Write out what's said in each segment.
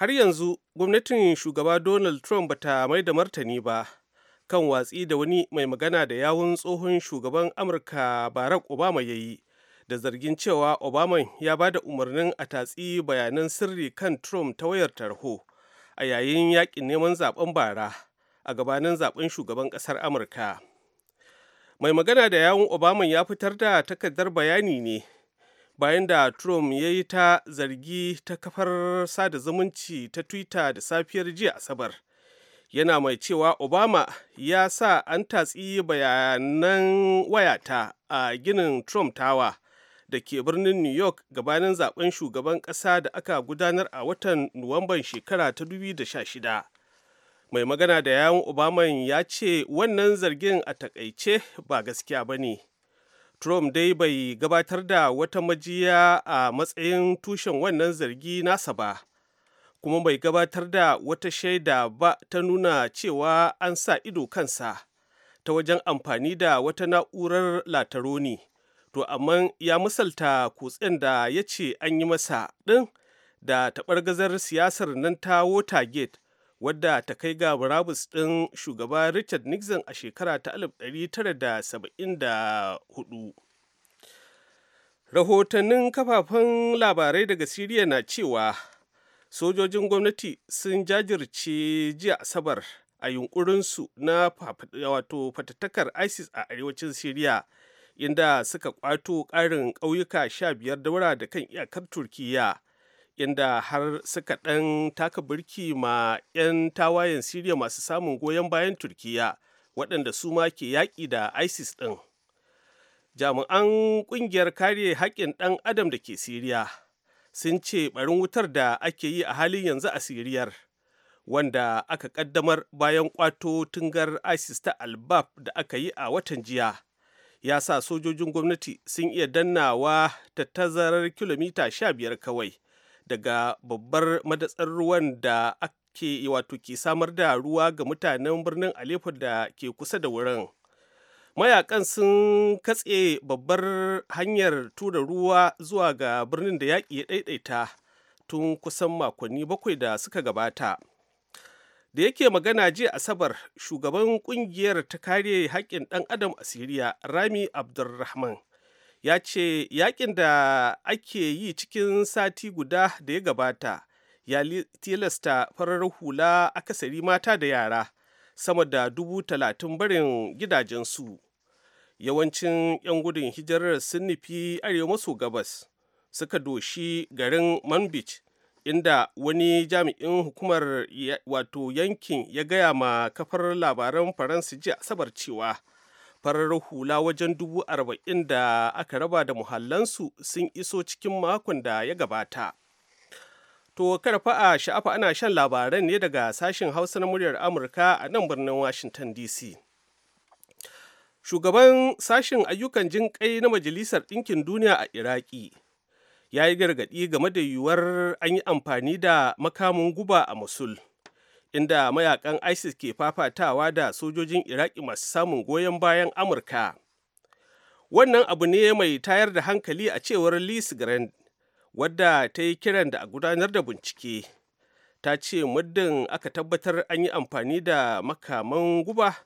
har yanzu gwamnatin shugaba donald trump bata mai da martani ba kan watsi da wani mai magana da yawun tsohon shugaban amurka barack obama ya yi da zargin cewa obama ya ba da umarnin a tatsi bayanan sirri kan trump ta wayar tarho a yayin yakin neman zaben bara a gabanin zaben shugaban kasar amurka mai magana da yawun obama ya fitar da takardar bayani ne bayan da Trump ya yi ta zargi ta kafar sada zumunci ta Twitter da safiyar jiya Asabar. Yana mai cewa Obama ya sa an tatsi bayanan wayata a ginin Trump Tower da ke birnin New York gabanin zaben shugaban ƙasa da aka gudanar a watan Nuwamban shekara ta 2016. Mai magana da yawun Obama ya ce wannan zargin a takaice ba gaskiya ba ne. Trump dai bai gabatar da wata majiya a matsayin tushen wannan zargi nasa ba, kuma bai gabatar da wata shaida ba ta nuna cewa an sa ido kansa ta wajen amfani da wata na'urar lataroni. To, amma ya misalta kutsen da ya ce an yi masa ɗin da taɓar gazar siyasar nan ta Watergate wadda ta kai ga burabus ɗin shugaba richard nixon a shekara ta 1974 rahotannin kafafen labarai daga siriya na cewa sojojin gwamnati sun jajirce jiya asabar a yunkurinsu na wato fatattakar isis a arewacin siriya inda suka kwato ƙarin ƙauyuka 15 daura da kan iyakar turkiyya inda har suka ɗan taka birki ma 'yan tawayen siriya masu samun goyon bayan turkiya waɗanda su ma ke yaƙi da isis ɗin jami'an ƙungiyar kare haƙƙin ɗan adam da ke siriya sun ce ɓarin wutar da ake yi a halin yanzu a siriyar wanda aka ƙaddamar bayan ƙwato tungar isis ta albab da aka yi a watan jiya ya sa sojojin gwamnati sun iya dannawa ta tazarar kilomita 15 kawai daga babbar madatsar ruwan da ake wato ke samar da ruwa ga mutanen birnin Aleppo da ke kusa da wurin. Mayakan sun katse babbar hanyar tura ruwa zuwa ga birnin da yaƙi ya ɗaiɗaita tun kusan makonni bakwai da suka gabata. da yake magana jiya asabar shugaban ƙungiyar ta kare haƙƙin ɗan adam a siriya rami abdulrahman ya ce yakin da ake yi cikin sati guda da ya gabata ya tilasta farar hula akasari mata da yara sama da dubu talatin barin gidajensu yawancin 'yan gudun hijirar sun nufi arewa maso gabas suka doshi garin manbich inda wani jami'in hukumar wato yankin ya gaya ma kafar labaran faransa jiya asabar cewa farar hula wajen dubu arba'in da aka raba da muhallansu sun iso cikin makon da ya gabata to karfa a sha'afa ana shan labaran ne daga sashen hausa na muryar amurka a nan birnin washington dc shugaban sashen ayyukan jin kai na majalisar ɗinkin duniya a iraki ya yi gargaɗi game da yiwuwar an yi amfani da makamin guba a musul inda mayakan isis ke fafatawa da sojojin iraki masu samun goyon bayan amurka wannan abu ne mai tayar da hankali a cewar liz grand wadda ta yi kiran da a gudanar da bincike ta ce muddin aka tabbatar an yi amfani da makaman guba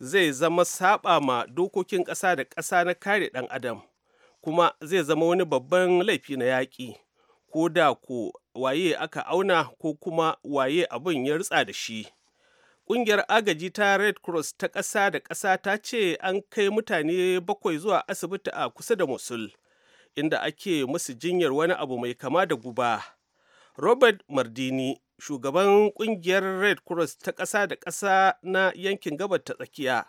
zai zama saba ma dokokin ƙasa da ƙasa na kare ɗan adam kuma zai zama wani babban laifi na yaƙi ko da ko waye aka auna ko kuma waye abin ya rutsa da shi ƙungiyar agaji ta red cross ta ƙasa da ƙasa ta ce an kai mutane bakwai zuwa asibiti a kusa da mosul inda ake musu jinyar wani abu mai kama da guba robert mardini shugaban ƙungiyar red cross ta ƙasa da ƙasa na yankin gabar ta tsakiya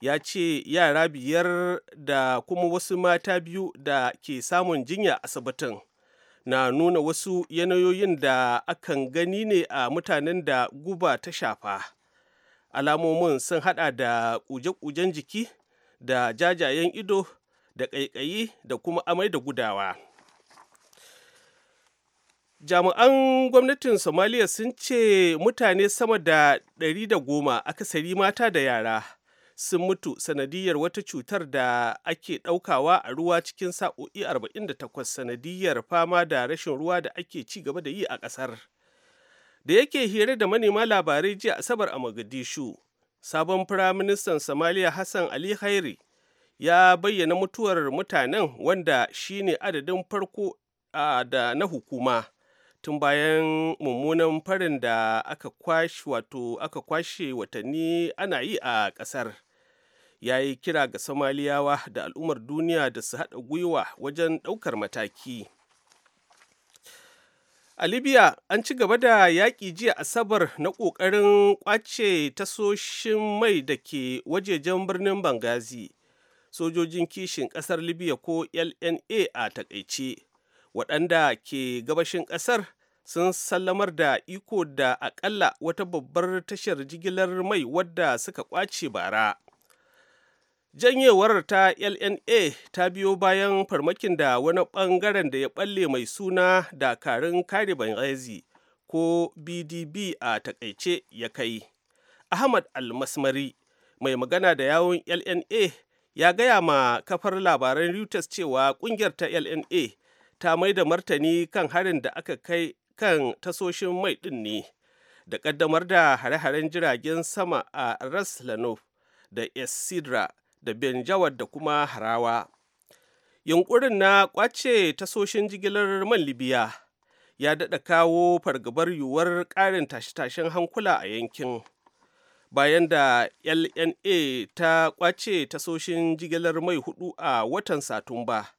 ya ce yara biyar da kuma wasu mata biyu da ke samun jinya asibitin na nuna wasu yanayoyin da akan gani ne a mutanen da guba ta shafa alamomin sun hada da kuje-kujen jiki da jajayen ido da ƙaiƙayi da kuma amai da gudawa jami'an gwamnatin somaliya sun ce mutane sama da 110 akasari mata da yara sun mutu sanadiyar wata cutar da ake ɗaukawa a ruwa cikin sa'o'i 48 sanadiyar fama da rashin ruwa da ake ci gaba da yi a ƙasar. Da yake hira da manema labarai jiya Asabar a Mogadishu, sabon firaministan Somalia Hassan Ali Hairi ya bayyana mutuwar mutanen wanda shine adadin farko da na hukuma. tun bayan mummunan farin da aka kwashe aka kwashe watanni ana yi a ƙasar ya yi kira ga somaliyawa da al'ummar duniya da su haɗa gwiwa wajen ɗaukar mataki a libya an ci gaba da yaƙi jiya asabar na ƙoƙarin ƙwace tasoshin mai da ke wajejen birnin bangazi sojojin kishin ƙasar libya ko lna a takaice waɗanda ke gabashin ƙasar sun sallamar da iko da aƙalla wata babbar tashar jigilar mai wadda suka ƙwace bara janyewar ta lna ta biyo bayan farmakin da wani bangaren da ya balle mai suna dakarun kare banyazi ko bdb a takaice ya kai ahmad almasmari mai magana da yawon lna ya gaya ma kafar labaran reuters cewa kungiyar ta lna ta mai da martani kan harin da aka kai kan tasoshin mai din ne da kaddamar da hare-haren jiragen sama a ras lanov da Sidra da benjawar da kuma harawa yunkurin na kwace tasoshin jigilar man libya ya daɗa kawo fargabar yiwuwar ƙarin tashe-tashen hankula a yankin bayan da lna ta kwace tasoshin jigilar mai hudu a watan satumba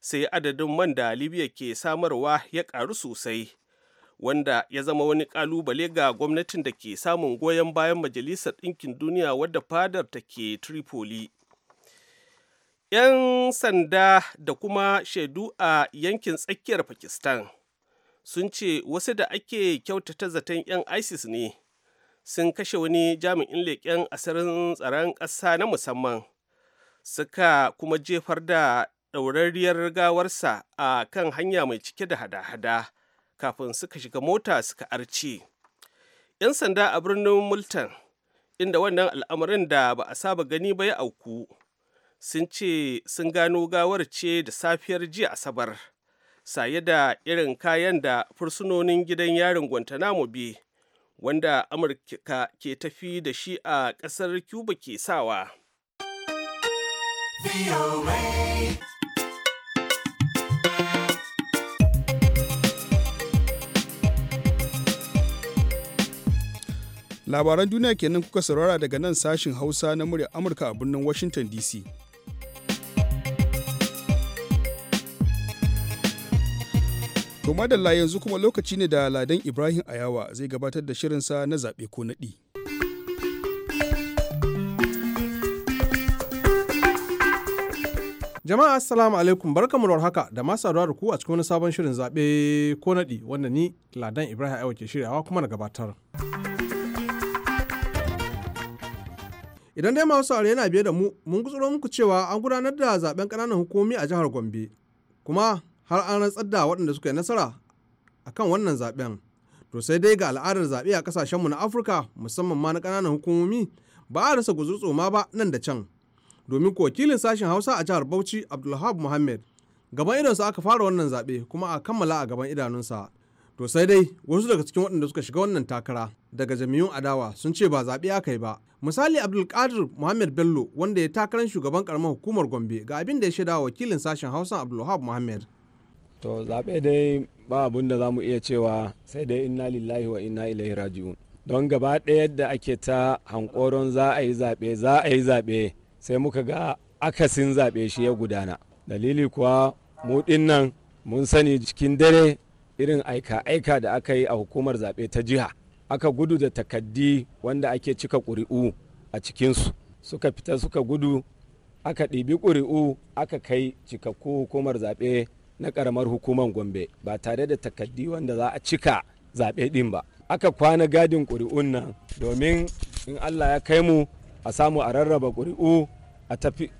sai adadin man da libya ke samarwa ya ƙaru sosai wanda ya zama wani ƙalubale ga gwamnatin da ke samun goyon bayan majalisar ɗinkin duniya wadda fadar ta ke tripoli 'yan sanda da kuma shaidu a yankin tsakiyar pakistan sun ce wasu da ake kyautata zaton 'yan isis ne sun kashe wani jami'in leƙen asirin tsaron ƙasa na musamman suka kuma jefar da ɗaurariyar gawarsa a kan hanya mai cike da hada-hada kafin suka shiga mota suka arce 'yan sanda a birnin multan inda wannan al'amarin da ba a saba gani ba ya auku sun ce sun gano gawar ce da safiyar jiya asabar saye da irin kayan da fursunonin gidan yarin guantanamo bi wanda amurka ke tafi da shi a ƙasar cuba ke sawa labaran duniya kenan kuka saurara daga nan sashin hausa na murya amurka a birnin washington dc To madalla yanzu kuma lokaci ne da Ladan Ibrahim Ayawa zai gabatar da shirinsa na zabe ko naɗi. Jama'a assalamu alaikum barkamu da warhaka da masu da ku a cikin wani sabon shirin zaɓe ko naɗi wanda ni Ladan Ibrahim Ayawa ke shiryawa kuma na gabatar. Idan dai masu saurare yana biye da mu, mun gutsuro muku cewa an gudanar da zaben kananan hukumomi a jihar Gombe. Kuma har an rantsar da waɗanda suka yi nasara a kan wannan zaɓen to sai dai ga al'adar zaɓe a ƙasashenmu na afirka musamman ma na ƙananan hukumomi ba a rasa ma ba nan da can domin ko wakilin sashen hausa a jihar bauchi abdulhab muhammad gaban idonsa aka fara wannan zaɓe kuma a kammala a gaban idanunsa to sai dai wasu daga cikin waɗanda suka shiga wannan takara daga jami'un adawa sun ce ba zaɓe aka yi ba misali abdulkadir muhammad bello wanda ya takarar shugaban karamar hukumar gombe ga abin da ya shaida wakilin sashen hausa abdulhab muhammad to zaɓe dai ba abun da za iya cewa sai dai inna lillahi wa inna ilaihi raji'un don gaba ɗaya yadda ake ta hankoron za a yi zaɓe za a yi zaɓe sai muka ga akasin zaɓe shi ya gudana dalili kuwa mu nan mun sani cikin dare irin aika-aika da aka yi a hukumar zaɓe ta jiha aka gudu da takaddi wanda ake cika ƙuri'u a cikinsu suka fita suka gudu aka ɗibi ƙuri'u aka kai cikakku hukumar zaɓe na karamar hukumar gombe ba tare da takaddi wanda za a cika zaɓe ɗin ba aka kwana gadin ƙuri'un nan domin in allah ya kai mu a samu a rarraba ƙuri'u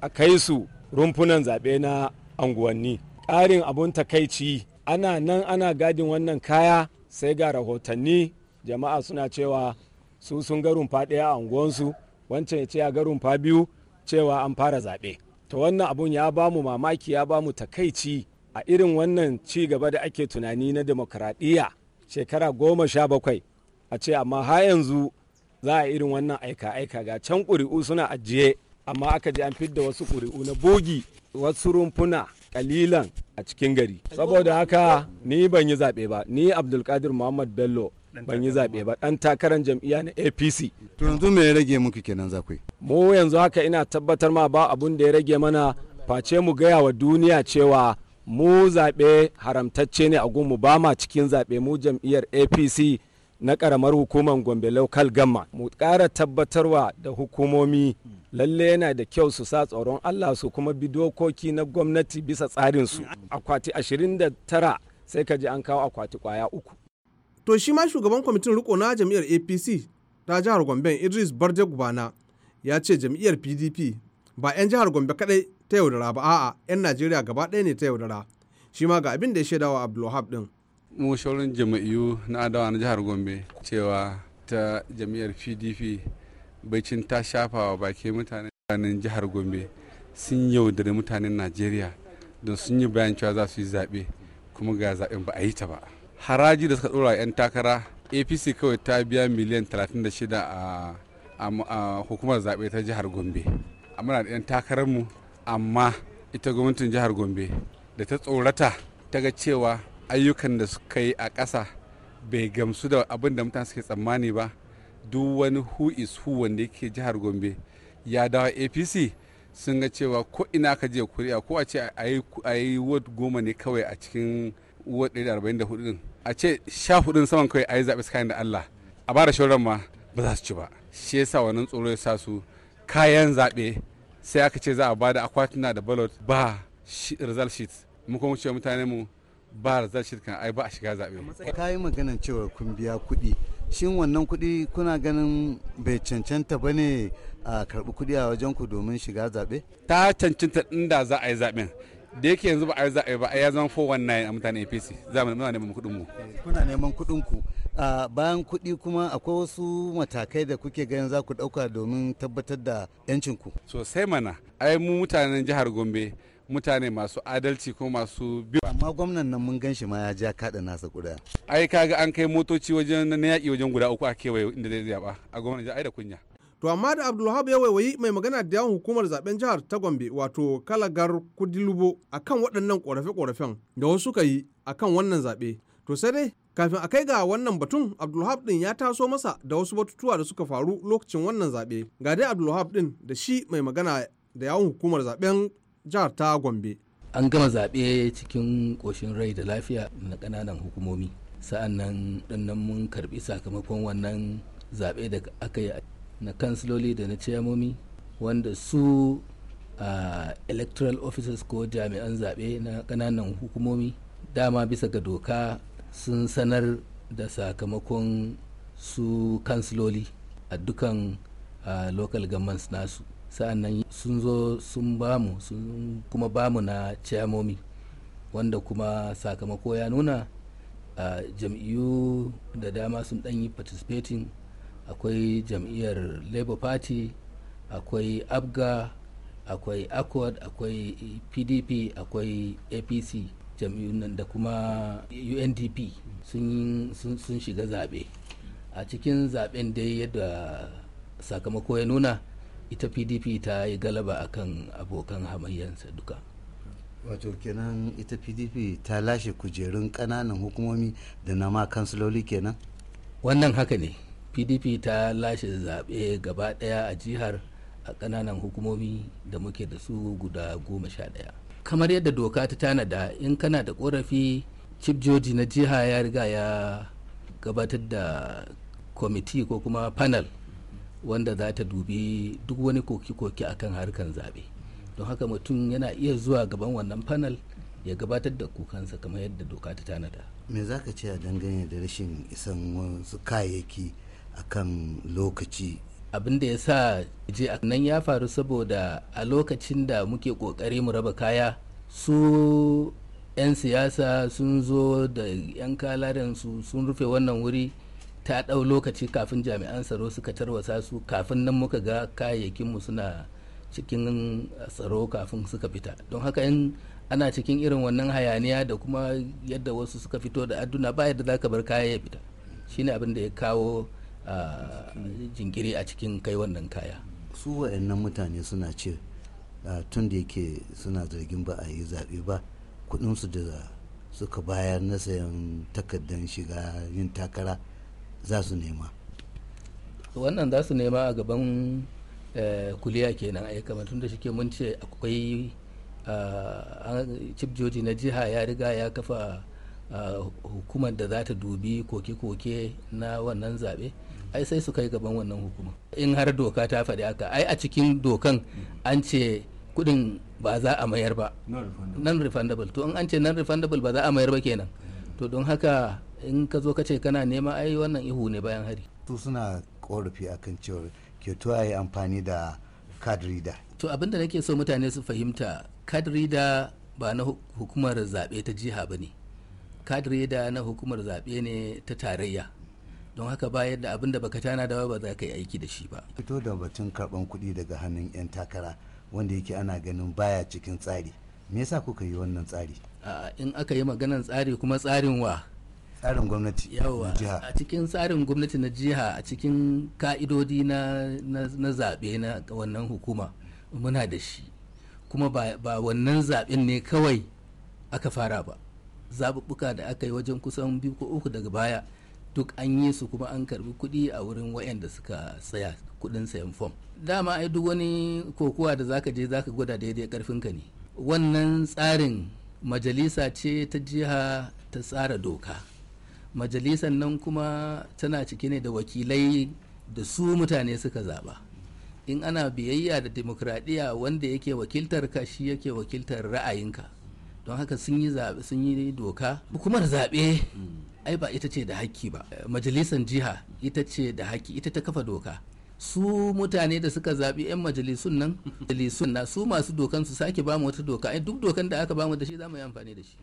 a kai su rumfunan zaɓe na anguwanni ƙarin abun takaici ana nan ana gadin wannan kaya sai ga rahotanni jama'a suna cewa su sun ga rumfa ɗaya a unguwansu wancan ya ce ya ga rumfa biyu cewa an fara zaɓe to wannan abun ya bamu mamaki ya bamu takaici a irin wannan ci gaba da ake tunani na demokradiyya shekara goma sha bakwai a ce amma ha yanzu za a irin wannan aika-aika ga can ƙuri'u suna ajiye amma aka ji an fidda wasu ƙuri'u na bogi wasu rumfuna kalilan a cikin gari saboda haka ni ban yi zaɓe ba ni abdulkadir muhammad bello ban yi zaɓe ba ɗan takarar jam'iyya na apc to yanzu me ya rage muku kenan zakwai mu yanzu haka ina tabbatar ma ba abun da ya rage mana face mu gaya wa duniya cewa mu zaɓe haramtacce ne a gunmu ba ma cikin zaɓe mu jam'iyyar apc na ƙaramar hukumar gombe local gamma mu ƙara tabbatarwa da hukumomi lalle yana da kyau su sa tsoron allah su kuma bi dokoki na gwamnati bisa tsarinsu akwati 29 sai ka ji an kawo akwati kwaya uku to shi ma shugaban kwamitin riko na jam'iyyar apc ta jihar gombe idris barde gubana ya ce jam'iyyar pdp ba 'yan jihar gombe kadai ta yaudara ba a'a 'yan najeriya gaba ɗaya ne ta yaudara shi ma ga abin da ya shaidawa abdulwahab din mu shaurin jama'iyu na adawa na jihar gombe cewa ta jami'ar pdp baicin ta shafa wa baki mutanen jihar gombe sun yaudari mutanen najeriya don sun yi bayan cewa za su yi zaɓe kuma ga zaɓen ba a yi ta ba haraji da suka ɗora 'yan takara apc kawai ta biya miliyan 36 a hukumar zaɓe ta jihar gombe amma da 'yan takararmu amma ita gwamnatin jihar gombe da ta tsorata ta ga cewa ayyukan da suka yi a ƙasa bai gamsu da abin da mutane suke tsammani ba duk wani who is who wanda yake jihar gombe ya dawo apc sun ga cewa ko ina ka je kuri'a ko a ce a yi ward goma ne kawai a cikin ward 144 din a ce sha hudun saman kawai a yi zaɓe da allah a bara shauran ma ba za su ci ba shi yasa wannan tsoro ya sa su kayan zaɓe sai aka ce za a bada akwatuna da ballot ba result sheet mu ce mutane mu ba result sheet kan ai ba a shiga zaɓe. ka yi maganan cewa kun biya kuɗi shin wannan kuɗi kuna ganin bai cancanta ba ne a karɓi kuɗi a wajen ku domin shiga zaɓe? ta cancanta inda za a yi zaɓen da yake yanzu ba a za a yi ba ya zama 419 a mutane apc za mu nuna neman kuɗin mu kuna neman kuɗin ku bayan kuɗi kuma akwai wasu matakai da kuke ganin za ku ɗauka domin tabbatar da yancin ku sosai mana ai mu mutanen jihar gombe mutane masu adalci ko masu biyu amma gwamnan nan mun gan shi ma ya ja kada nasa kuɗa ai kaga an kai motoci wajen na yaƙi wajen guda uku a kewaye inda zai zaba a gwamnan ai da kunya to amma da abdulwahab ya waiwayi mai magana da yawon hukumar zaben jihar ta gombe wato kalagar kudilubo akan waɗannan ƙorafe-ƙorafen da wasu suka yi akan wannan zaɓe to sai dai kafin a kai ga wannan batun abdulwahab din ya taso masa da wasu batutuwa da suka faru lokacin wannan zaɓe ga dai abdulwahab din da shi mai magana da yawon hukumar zaben jihar ta gombe an gama zaɓe cikin ƙoshin rai da lafiya na ƙananan hukumomi sa'an nan mun karɓi sakamakon wannan zaɓe da aka yi na kansiloli da na ciyamomi wanda su uh, electoral officers ko jami'an zaɓe na ƙananan hukumomi dama bisa ga doka sun sanar da sakamakon su kansiloli a dukan uh, local governments nasu sa'an nan sun zo sun bamu sun kuma bamu na ciyamomi wanda kuma sakamako ya nuna uh, jam'iyyu da dama sun ɗan yi participating akwai jam'iyyar labour party akwai abga akwai accord akwai pdp akwai apc jam'iyyun nan da kuma undp sun shiga zaɓe a cikin zaɓen dai yadda sakamako ya nuna ita pdp ta yi galaba akan abokan hamayyansa duka wato kenan ita pdp ta lashe kujerun ƙananan hukumomi da na ma kansuloli kenan wannan haka ne pdp ta lashe zaɓe gaba ɗaya a jihar a ƙananan hukumomi da muke da su guda goma sha ɗaya kamar yadda doka ta tanada in kana da ƙorafi chief joji na jiha ya riga ya gabatar da kwamiti ko kuma panel wanda za ta dubi duk wani koke-koke kan harkar zaɓe don haka mutum yana iya zuwa gaban wannan panel ya gabatar da kukansa kamar yadda doka ta tanada me za ka ce a dangane da rashin isan wasu kayayyaki akan lokaci abin da ya sa je nan ya faru saboda a lokacin da muke kokari mu raba kaya su 'yan siyasa sun zo da 'yan kalarensu sun rufe wannan wuri ta ɗau lokaci kafin jami'an tsaro suka tarwasa su kafin nan muka ga kayayyakinmu suna cikin tsaro kafin suka fita don haka in ana cikin irin wannan hayaniya da kuma yadda wasu suka fito da adduna ba yadda za ka bar kaya ya fita shine abin da ya kawo Eh, jinkiri a cikin kai wannan kaya su waɗannan mutane suna ce ah, tun da yake suna zargin ba a yi zaɓe ba kuɗinsu da suka bayar na sayan takardar shiga yin takara za su nema wannan za su nema a gaban eh, kuliya kenan ai kamar tun da shike mun ce akwai ah, cibjoji na jiha ya riga ya kafa ah, hukumar da za ta dubi koke-koke na wannan zaɓe ai sai su kai gaban wannan hukuma in har doka ta faɗi haka ai a cikin dokan an ce kudin ba za a mayar ba non refundable to in an ce non refundable ba za a mayar ba kenan to don haka in ka zo ka ce kana nema ai wannan ihu ne bayan hari to suna korafi akan cewa ke to ai amfani da card reader to abinda nake so mutane su fahimta card reader ba na hukumar zaɓe ta jiha ba ne card reader na hukumar zaɓe ne ta tarayya don haka ba da abin da baka tana da ba za ka yi aiki da shi ba fito da batun karban kuɗi daga hannun 'yan takara wanda yake ana ganin baya cikin tsari me yasa kuka yi wannan tsari in aka yi maganan tsari kuma tsarin wa tsarin gwamnati yawa a cikin tsarin gwamnati na jiha a cikin ka'idodi na na zaɓe na wannan hukuma muna da shi kuma ba wannan zaɓen ne kawai aka fara ba zaɓuɓɓuka da aka yi wajen kusan biyu ko uku daga baya duk an yi su kuma an karbi kuɗi a wurin wayanda suka tsaya kuɗin sayan fom dama ai duk wani kokowa da zaka je zaka gwada daidai karfin ka ne wannan tsarin majalisa ce ta jiha ta tsara doka majalisan nan kuma tana cike ne da wakilai da su mutane suka zaba in ana biyayya da demokradiyya wanda yake wakiltar ka shi yake wakiltar ra'ayinka don haka sun yi zaɓe sun yi doka hukumar zaɓe ai ba ita ce da hakki ba majalisar jiha ita ce da hakki ita ta kafa doka su mutane da suka zaɓi 'yan majalisun nan majalisun na su masu dokan su sake bamu wata doka ai duk dokan da aka bamu da shi za mu yi amfani da shi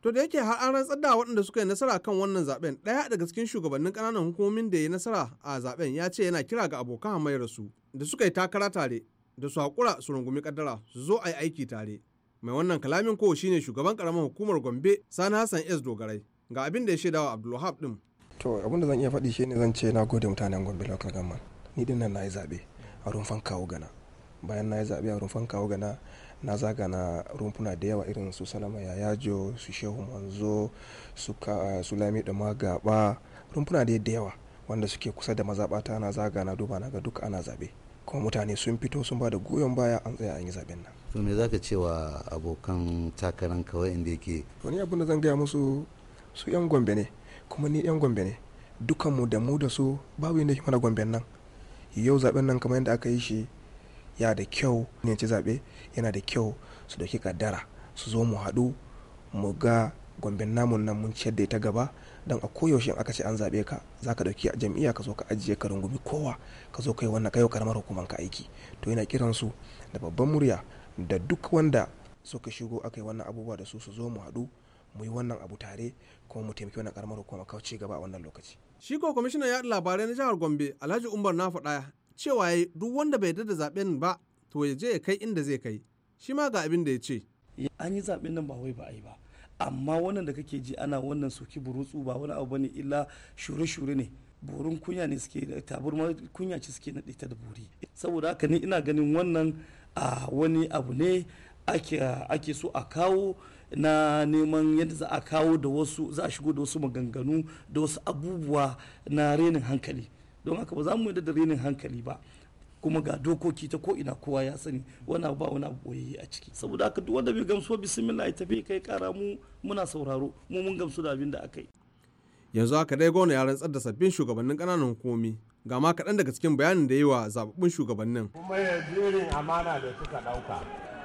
to da yake har an rantsar da waɗanda suka yi nasara kan wannan zaben ɗaya daga cikin shugabannin ƙananan hukumomin da ya nasara a zaben ya ce yana kira ga abokan hamayar su da suka yi takara tare da su haƙura su rungumi kaddara su zo a yi aiki tare mai wannan kalamin ko shine shugaban karamar hukumar gombe sani hassan s dogarai ga abin da ya shaidawa abdulwahab din to abin da zan iya faɗi shine zan ce na gode mutanen gombe local government ni din nan na yi zaɓe a rumfan kawo gana bayan na yi zaɓe a rumfan kawo gana na zaga na rumfuna da yawa irin su salama yayajo su shehu manzo su sulami da magaba rumfuna da yawa wanda suke kusa da mazaɓata na zaga na duba na ga duka ana zaɓe kuma mutane sun fito sun ba da goyon baya an tsaya an yi zaben nan to me zaka cewa abokan takaran kawai inda yake to ni abin da zan gaya musu su yan gombe ne kuma ni yan gombe ne dukanmu da mu da su babu yadda yake mana gomben nan yau zaben nan kamar yadda aka yi shi ya da kyau ne ci zaɓe yana da kyau su dauki kaddara su zo mu haɗu mu ga gomben namun nan mun ciyar da ita gaba dan a koyaushe aka ce an zaɓe ka za ka ɗauki jam'iyya ka zo ka ajiye ka rungumi kowa ka zo kai wannan kayo karamar hukumar ka aiki to yana kiran su da babban murya da duk wanda suka shigo aka yi wannan abubuwa da su su zo mu haɗu mu yi wannan abu tare kuma mu taimaki wannan karamar hukumar ka ci gaba a wannan lokaci. shi ko kwamishinan yaɗa labarai na jihar gombe alhaji umar na faɗa cewa ya duk wanda bai yarda da zaɓen ba to ya je ya kai inda zai kai shi ma ga abin da ya ce. an yi zaɓen nan ba wai ba a yi ba amma wannan da kake ji ana wannan soki burutsu ba wani abu bane illa shure-shure ne burin kunya ne suke ma kunya ce suke na ta da buri saboda haka ni ina ganin wannan a wani abu ne ake so a kawo na neman yadda za a kawo da wasu za a shigo da wasu maganganu da wasu abubuwa na renin hankali don haka ba za mu yadda da renin hankali ba kuma ga dokoki ta ko ina kowa ya sani wani ba wani abu a ciki saboda haka duk wanda bai gamsu bismillah ya tafi kai kara mu muna sauraro mu mun gamsu da abin da aka yi yanzu haka dai gona ya rantsar da sabbin shugabannin kananan hukumi ga ma kaɗan daga cikin bayanin da yi wa zababbun shugabannin kuma ya jirin amana da suka ɗauka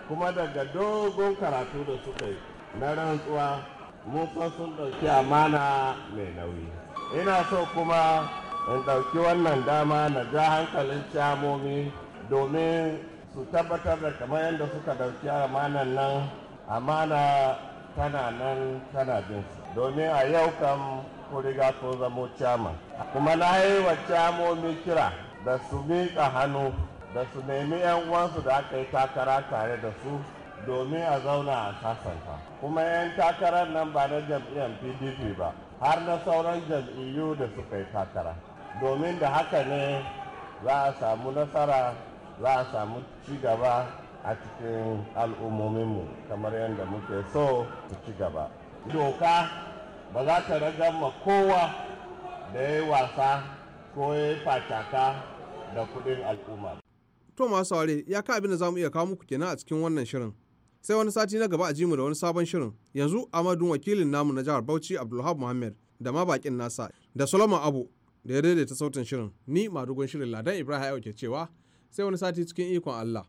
kuma daga dogon karatu da suka yi na rantsuwa mun sun ɗauki amana mai nauyi ina so kuma in ɗauki wannan dama na ja hankalin camomi, domin su tabbatar da kamar yadda suka ɗauki amanan nan amana tana nan tana jinsu domin a yau kam ku riga zamo cama kuma na yi wa camomi kira da su miƙa hannu da su nemi 'yan uwansu da aka yi takara tare da su domin a zauna a sasanta kuma 'yan takarar nan ba na jam'iyyar pdp ba har na sauran jam'iyyu da suka yi takara domin da haka ne za a samu nasara za a samu cigaba a cikin al'ummominmu kamar yadda muke so su ci gaba doka ba za ta ma kowa da ya yi wasa ko ya yi fataka da kudin al'umma to masu saurari ya ka abin da za mu iya kawo muku kenan a cikin wannan shirin sai wani sati na gaba a ji mu da wani sabon shirin yanzu amadun wakilin namu na jihar bauchi abdulhab muhammad da ma bakin nasa da solomon abu da ya daidaita sautin shirin ni madugun shirin ladan ibrahim ke cewa sai wani sati cikin ikon allah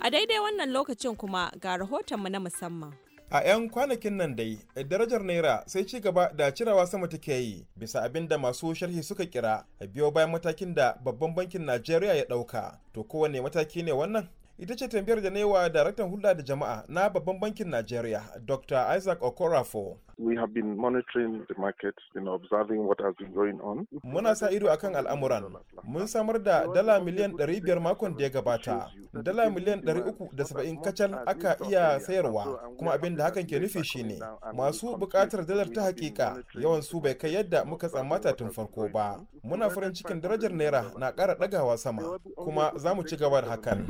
a daidai wannan lokacin kuma ga rahoton rahotonmu na musamman a 'yan kwanakin nan dai darajar naira sai ci gaba da cirawa sama take yi bisa abin da masu sharhi suka kira biyo bayan matakin da babban bankin najeriya ya ɗauka to kowane mataki ne wannan ita ce tambayar da naiwa daraktan hulɗa da jama'a na babban bankin najeriya dr isaac okorafo We have been monitoring the market, you know, observing what has been going on. Muna sa ido akan al'amuran. Mun samar da dala miliyan 500 makon da ya gabata. Dala miliyan 370 kacal aka iya sayarwa, kuma abin da hakan ke nufi shine masu buƙatar dalar ta hakika yawan su bai kai yadda muka tsammata tun farko ba. Muna farin cikin darajar naira na ƙara ɗagawa sama, kuma za mu ci gaba da hakan.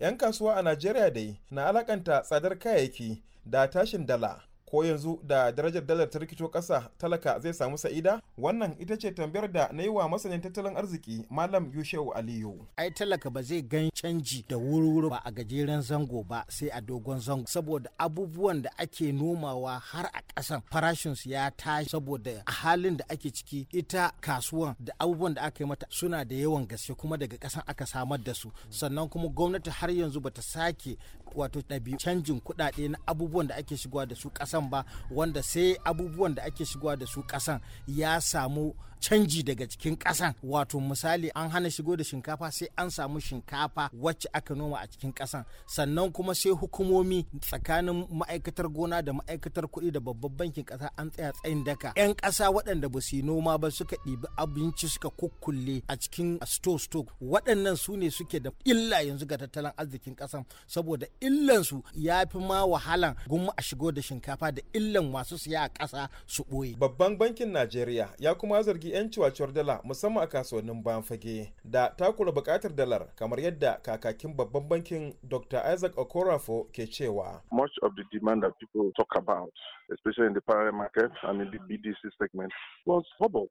'Yan kasuwa a Najeriya dai na alakanta tsadar kayayyaki da tashin dala ko yanzu da darajar dalar ta rikito kasa talaka zai samu sa'ida wannan ita ce tambayar da na yi wa masanin tattalin arziki malam yushewu aliyu ai talaka ba zai gan canji da wuri ba a gajeren zango ba sai a dogon zango saboda abubuwan da ake nomawa har a kasan farashinsu ya tashi saboda a halin da ake ciki ita kasuwan da abubuwan da aka yi mata suna da yawan gaske kuma daga kasan aka samar da su sannan kuma gwamnati har yanzu bata sake wato ɗabi'u canjin kuɗaɗe na abubuwan da ake shigowa da su ƙasan ba wanda sai abubuwan da ake shigowa da su ƙasan ya samu canji daga cikin ƙasan wato misali an hana shigo da shinkafa sai an samu shinkafa wacce aka noma a cikin ƙasan sannan kuma sai hukumomi tsakanin ma'aikatar gona da ma'aikatar kuɗi da babban bankin ƙasa an tsaya tsayin daka 'yan ƙasa waɗanda ba su yi noma ba suka ɗibi abinci suka kukkulle a cikin store store waɗannan su ne suke da illa yanzu ga tattalin arzikin ƙasan saboda illansu ya fi ma wahalan gumma a shigo da shinkafa da illan masu siya a ƙasa su ɓoye babban bankin najeriya ya kuma zargi yanci 'yan dala musamman a kasuwannin bayan fage da takura bukatar dalar kamar yadda kakakin babban bankin Dr. Isaac Okorafo ke cewa. Much of the demand that people talk about, especially in the parallel market and in the BDC segment,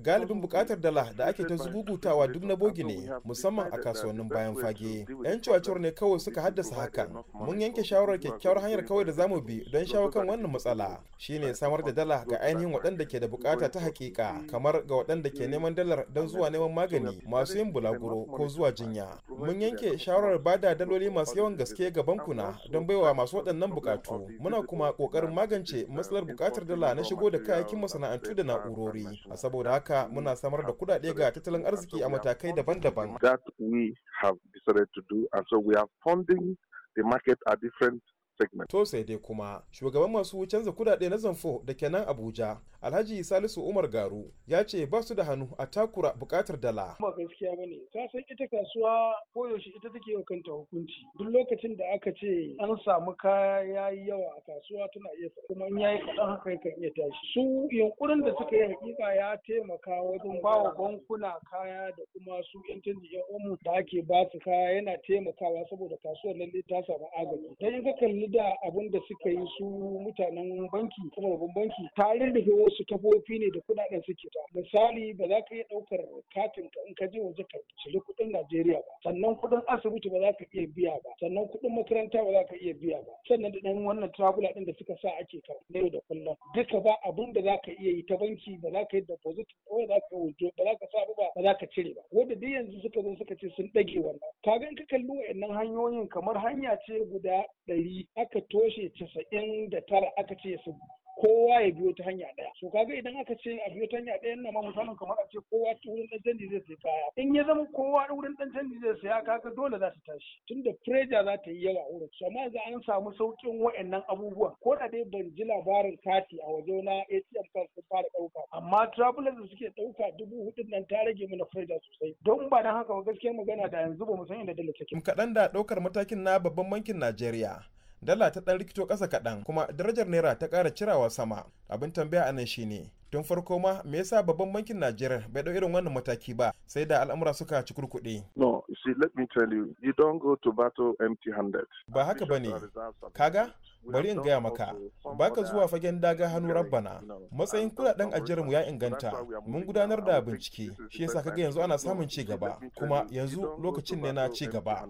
Galibin bukatar dala da ake ta zugugutawa duk na bogi ne musamman a kasuwannin bayan fage. 'Yan wacewar ne kawai suka haddasa hakan. Mun yanke shawarar kyakkyawar hanyar kawai da zamu bi don shawo kan wannan matsala shine samar da dala ga ainihin waɗanda ke da bukata ta hakika kamar ga waɗanda da ke neman dalar don zuwa neman magani masu yin bulaguro ko zuwa jinya mun yanke shawarar bada daloli masu yawan gaske ga bankuna don baiwa masu waɗannan bukatu muna kuma ƙoƙarin magance matsalar buƙatar dala na shigo da kayayyakin masana'antu da na'urori a saboda haka muna samar da kuɗaɗe ga tattalin arziki a matakai daban-daban the market at different segment. To sai dai kuma shugaban masu canza kudade na zamfo da kenan Abuja Alhaji Salisu Umar Garu ya ce ba su da hannu a takura bukatar dala. Ba gaskiya bane ta san ita kasuwa koyaushe ita take yau kanta hukunci duk lokacin da aka ce an samu kaya ya yawa a kasuwa tana iya kuma in yayi kaɗan haka kan iya tashi. Su yunkurin da suka yi hakika ya taimaka wajen bawa bankuna kaya da kuma su 'yan canji 'yan da ake ba su kaya yana taimakawa saboda kasuwar lalle ta samu agaji. Dan in ka kalli da abin da suka yi su mutanen banki kuma banki ta rirrufe wasu kafofi ne da kudaden suke ta misali ba za ka iya daukar katin ka in ka je waje ka cire kudin Najeriya ba sannan kudin asibiti ba za ka iya biya ba sannan kudin makaranta ba za ka iya biya ba sannan da ɗan wannan tabula din da suka sa ake karɓa na yau da kullum duka ba abin da za ka iya yi ta banki ba za ka yi deposit ko za ka wuce ba za ka sa ba ba za ka cire ba wanda duk yanzu suka zo suka ce sun dage wannan kaga in ka kalli wa'annan hanyoyin kamar hanya ce guda ɗari aka toshe casa'in da tara aka ce su kowa ya biyo ta hanya ɗaya so kaga idan aka ce a biyo ta hanya ɗaya nan ma musamman kamar a ce kowa ta wurin ɗan canji zai sai kaya in ya zama kowa da wurin ɗan canji zai saya kaga dole za ta tashi tunda preja za ta yi yawa a wurin amma yanzu an samu sauƙin wa'annan abubuwan ko da dai ban ji labarin kati a waje na ATM card sun fara ɗauka amma travelers da suke ɗauka dubu hudun nan ta rage mana preja sosai don ba na haka ba gaskiyar magana da yanzu ba mu san inda dala take. kaɗan da ɗaukar matakin na babban bankin Najeriya. dala ta ɗan rikito ƙasa kaɗan kuma darajar naira ta ƙara cirawa sama abin tambaya anan nan shine tun farko ma me yasa babban bankin Najeriya bai dau irin wannan mataki ba sai da al'amura suka ci kurkuɗe. No, see, let me tell you, you don't go to battle empty-handed. Ba haka ba ne, kaga? Bari in gaya maka, baka zuwa fagen daga hannu rabbana, matsayin kudaden mu ya inganta, mun gudanar da bincike, shi yasa kaga yanzu ana samun ci gaba, kuma yanzu lokacin ne na ci gaba.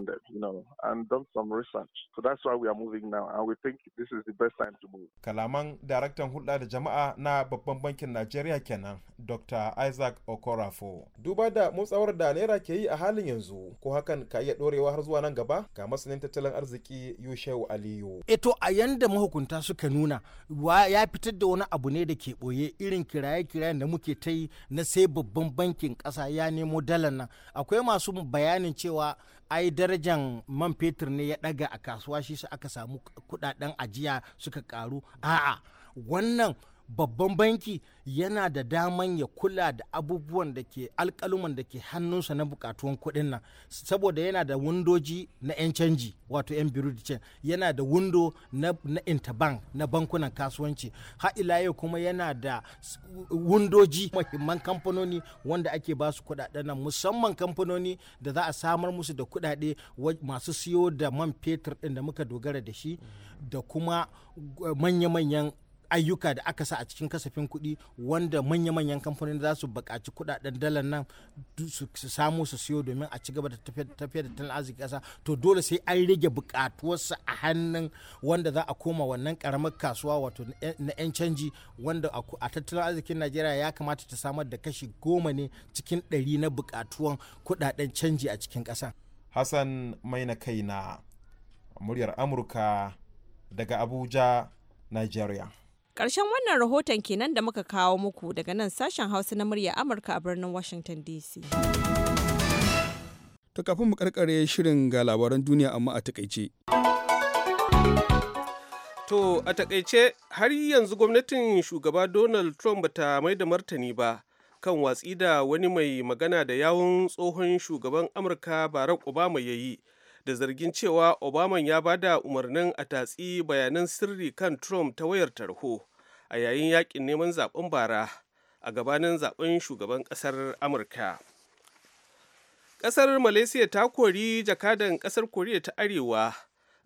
Kalaman daraktan hulɗa da jama'a na babban bankin gwamnatin najeriya kenan dr isaac okorafo duba da motsawar da naira ke yi a halin yanzu ko hakan ka iya dorewa har zuwa nan gaba ga masanin tattalin arziki yushewu aliyu eto eh a yanda mahukunta suka nuna ya fitar da wani abu ne da ke boye irin kiraye-kirayen da muke ta yi na sai babban bankin ƙasa ya nemo dalar nan akwai masu bayanin cewa ai darajan man fetur ne ya ɗaga a kasuwa shi aka samu kudaden ajiya suka ƙaru a'a wannan babban banki yana da daman ya kula da abubuwan da ke alkaluman da ke hannunsa na bukatuwan kuɗin nan saboda yana da windoji na 'yan canji wato 'yan biru da yana da window na, na interbank na bankunan kasuwanci ila yau kuma yana da windoji mahimman kamfanoni wanda ake ba su kuɗaɗen nan musamman kamfanoni da za a samar musu da kuɗaɗe masu siyo da man fetur ɗin da muka dogara da shi da kuma eh, manya-manyan ayyuka da aka sa a cikin kasafin kuɗi wanda manya-manyan kamfanin za su buƙaci kuɗaɗen dalar nan su samu su siyo domin a ci gaba da tafiyar da tattalin arziki ƙasa to dole sai an rage buƙatuwarsa a hannun wanda za a koma wannan ƙaramar kasuwa wato na 'yan canji wanda a tattalin arzikin najeriya ya kamata ta samar da kashi goma ne cikin ɗari na buƙatuwan kuɗaɗen canji a cikin ƙasa. hassan mai na kai na muryar amurka daga abuja nigeria karshen wannan rahoton kenan da muka kawo muku daga nan sashen Hausa na murya Amurka a birnin Washington DC. To kafin mu karkare shirin ga labaran duniya amma a takaice. To a takaice har yanzu gwamnatin shugaba Donald Trump ta mai da martani ba kan watsi da wani mai magana da yawun tsohon shugaban Amurka Barack Obama ya yi da zargin cewa Obama ya bada umarnin a tatsi bayanan sirri kan Trump ta wayar tarho. a yayin yakin neman zaben bara a gabanin zaben shugaban kasar amurka kasar malaysia ta kori jakadan kasar koriya ta arewa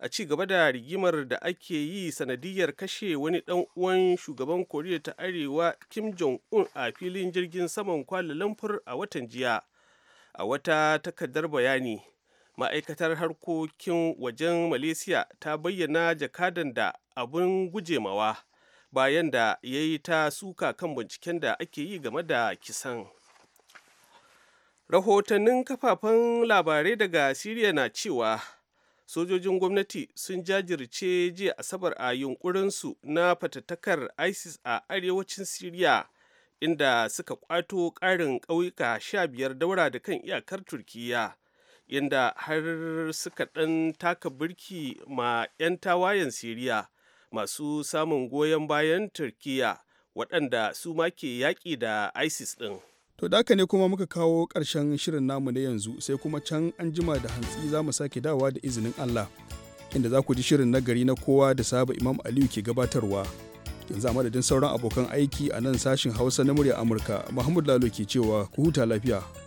a ci gaba da rigimar da ake yi sanadiyar kashe wani dan uwan shugaban koriya ta arewa kim jong-un a filin jirgin saman kwallon lamfur a watan jiya a wata takardar bayani ma'aikatar harkokin wajen malaysia ta bayyana jakadan da abun gujemawa bayan da ya yi ta suka kan binciken da ake yi game da kisan rahotannin kafafen labarai daga siriya na cewa sojojin gwamnati sun jajirce jiya asabar a yunkurinsu na fatattakar isis a arewacin siriya inda suka kwato ƙarin ƙauyuka sha biyar daura da kan iyakar turkiya inda har suka ɗan taka birki ma 'yan tawayen siriya masu samun goyon bayan turkiya waɗanda su ma ke yaƙi da isis ɗin to da ne kuma muka kawo ƙarshen shirin namu na yanzu sai kuma can an jima da hantsi za mu sake dawa da izinin allah inda za ku ji shirin nagari na kowa da saba imam aliyu ke gabatarwa yanzu a madadin sauran abokan aiki a nan sashin hausa na murya amurka mahmud lalo ke cewa ku huta lafiya